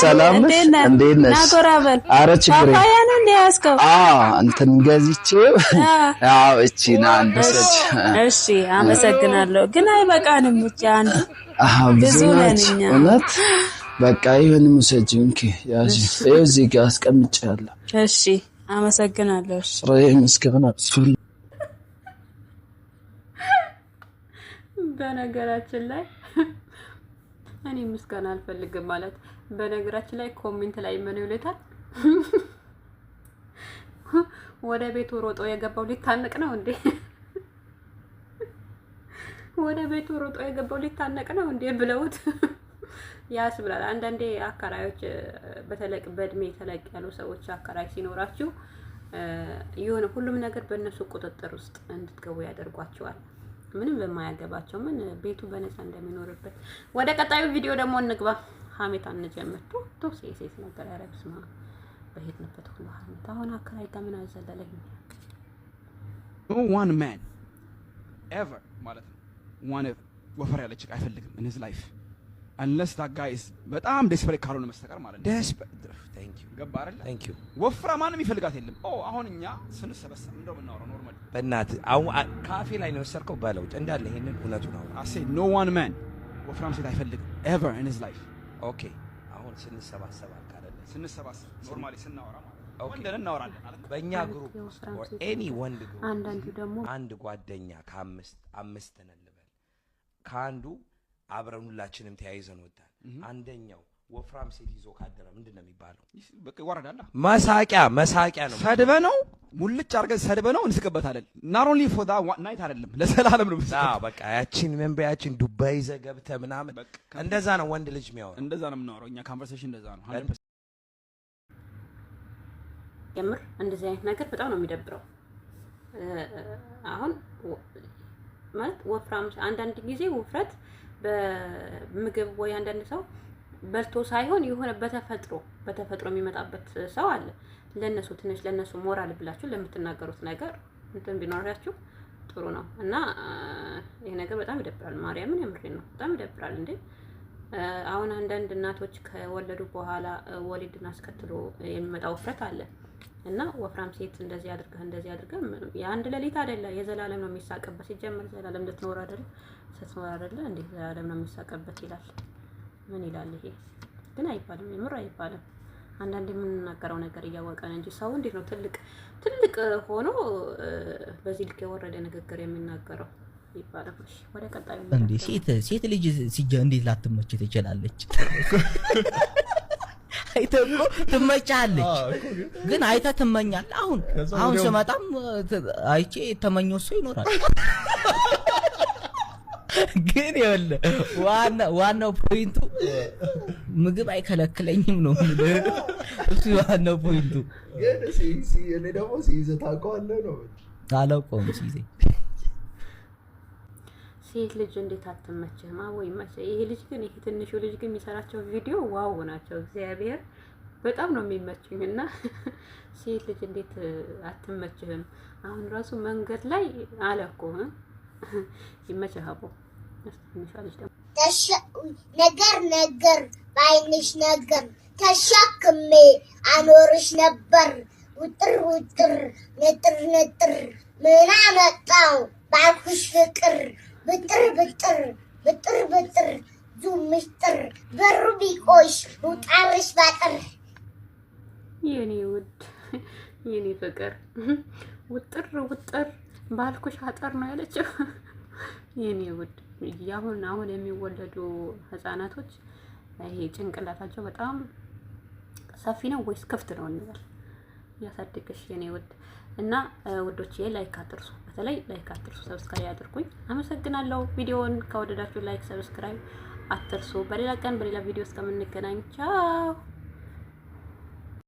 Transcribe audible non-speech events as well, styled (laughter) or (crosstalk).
ሰላም እንዴት ነሽ? ናጎራበል አረ ችግር ፓፓያን እንደ ያዝከው እንትን ገዝቼ ያው እቺ ና አንድ እሺ አመሰግናለሁ። ግን አይበቃንም። ውጭ አንድ ብዙ ነን እኛ እውነት። በቃ ይሁን ሙሰጅ እንኪ ያዚ ይኸው ጋር አስቀምጬያለሁ። እሺ አመሰግናለሁ። እሺ ራይ ምስጋና ብስል በነገራችን ላይ እኔ ምስጋና አልፈልግም ማለት። በነገራችን ላይ ኮሜንት ላይ ምን ይውለታል? ወደ ቤቱ ሮጦ የገባው ሊታነቅ ነው እንዴ? ወደ ቤቱ ሮጦ የገባው ሊታነቅ ነው እንዴ ብለውት ያስ ብላል። አንዳንዴ አከራዮች በተለቅ በእድሜ ተለቅ ያሉ ሰዎች አከራይ ሲኖራችሁ የሆነ ሁሉም ነገር በእነሱ ቁጥጥር ውስጥ እንድትገቡ ያደርጓቸዋል። ምንም በማያገባቸው ምን ቤቱ በነፃ እንደሚኖርበት። ወደ ቀጣዩ ቪዲዮ ደግሞ እንግባ። ሀሜታ አንጀምር። ቱ ቱ ሴሴት ነገር ያረብስ ነው። በሄድንበት ሁሉ ሀሜት። አሁን አከራይ ጋር ምን አዘለለኝ? ኖ ዋን ማን ኤቨር ማለት ነው። ዋን ወፈር ያለች አይፈልግም ኢን ሂዝ ላይፍ አንለስ ዳት ጋይ ኢዝ በጣም ዴስፐሬት ካልሆነ መስተቀር ማለት ነው። ዴስፐሬት ገባ አይደል? ወፍራ ማንም ይፈልጋት የለም። ኦ አሁን እኛ ስንሰበሰብ እንደው ብናወራው ኖርማል በእናት አሁን ካፌ ላይ ነው እንዳለ ይሄንን ኖ ዋን ማን ወፍራም ሴት አይፈልግም ኤቨር ኢን ሂዝ ላይፍ። ኦኬ አሁን ስንሰባሰብ ስንሰባሰብ ኖርማሊ ስናወራ በእኛ ግሩፕ ኤኒ ወንድ ግሩፕ አንዳንዱ ደግሞ አንድ ጓደኛ ከአምስት አምስት ነን ልበል ከአንዱ አብረን ሁላችንም ተያይዘን አንደኛው ወፍራም ሴት ይዞ ካደረ ምንድን ነው የሚባለው? ይዋረዳል። መሳቂያ መሳቂያ ነው። ሰድበ ነው ሙልጭ አድርገን ሰድበ ነው እንስቅበታለን። ናት ኦንሊ ፎር ዳ ናይት አይደለም ለሰላለም ነው። አዎ በቃ ያቺን መንበ ያቺን ዱባይ ዘገብተ ገብተህ ምናምን እንደዛ ነው ወንድ ልጅ የሚያወራው። እንደዛ ነው የምናወራው እኛ ካንቨርሴሽን እንደዛ ነው። የምር እንደዚህ አይነት ነገር በጣም ነው የሚደብረው። አሁን ማለት ወፍራም አንዳንድ ጊዜ ውፍረት በምግብ ወይ አንዳንድ ሰው በልቶ ሳይሆን የሆነ በተፈጥሮ በተፈጥሮ የሚመጣበት ሰው አለ። ለነሱ ትንሽ ለነሱ ሞራል ብላችሁ ለምትናገሩት ነገር እንትን ቢኖራችሁ ጥሩ ነው እና ይሄ ነገር በጣም ይደብራል። ማርያምን የምሬ ነው፣ በጣም ይደብራል እንዴ! አሁን አንዳንድ እናቶች ከወለዱ በኋላ ወሊድን አስከትሎ የሚመጣ ውፍረት አለ እና ወፍራም ሴት እንደዚህ አድርገህ እንደዚህ አድርገህ የአንድ ሌሊት አይደለ የዘላለም ነው የሚሳቅበት። ሲጀመር ዘላለም ልትኖር አይደለ ስትኖር አይደለ እንዴ ዘላለም ነው የሚሳቀበት ይላል። ምን ይላል ይሄ ግን አይባልም፣ የምር አይባልም። አንዳንድ የምንናገረው ነገር እያወቀን እንጂ ሰው እንዴት ነው ትልቅ ትልቅ ሆኖ በዚህ ልክ የወረደ ንግግር የሚናገረው ሴት ልጅ ሲጀ እንዴት ላትመች ትችላለች? (laughs) አይተህ እኮ ትመቻለች፣ ግን አይተህ ትመኛለህ። አሁን አሁን ስመጣም አይቼ የተመኘው እሱ ይኖራል። (laughs) ግን ይኸውልህ ዋና ዋናው ፖይንቱ ምግብ አይከለክለኝም ነው እሱ ዋናው ፖይንቱ። ግን እኔ ደግሞ ሲይዘህ ታውቀዋለህ ነው አላውቀውም። ሲይዘኝ ሴት ልጅ እንዴት አትመችህም? አዎ ይመችህ። ይሄ ልጅ ግን ይሄ ትንሹ ልጅ ግን የሚሰራቸው ቪዲዮ ዋው ናቸው። እግዚአብሔር በጣም ነው የሚመችኝ እና ሴት ልጅ እንዴት አትመችህም? አሁን ራሱ መንገድ ላይ አለ እኮ ይመችህ አቦ ነገር ነገር በዓይንሽ ነገር ተሸክሜ አኖርሽ ነበር ውጥር ውጥር ንጥር ንጥር ምን አመጣው ባልኩሽ ፍቅር ብጥር ብጥር ብጥር ብጥር ዙ ምስጥር በሩ ቢቆሽ ውጣርሽ ባጥር የኔ ውድ የኔ ፍቅር ውጥር ውጥር ባልኩሽ አጠር ነው ያለችው የኔ ውድ ያሁን አሁን የሚወለዱ ህጻናቶች ይሄ ጭንቅላታቸው በጣም ሰፊ ነው ወይስ ክፍት ነው እንበል። ያሳድግሽ የኔ ውድ እና ውዶች፣ ላይክ አትርሱ፣ በተለይ ላይክ አትርሱ፣ ሰብስክራይብ አድርጉኝ። አመሰግናለሁ። ቪዲዮውን ከወደዳችሁ ላይክ፣ ሰብስክራይብ አትርሱ። በሌላ ቀን በሌላ ቪዲዮ እስከምንገናኝ ቻው።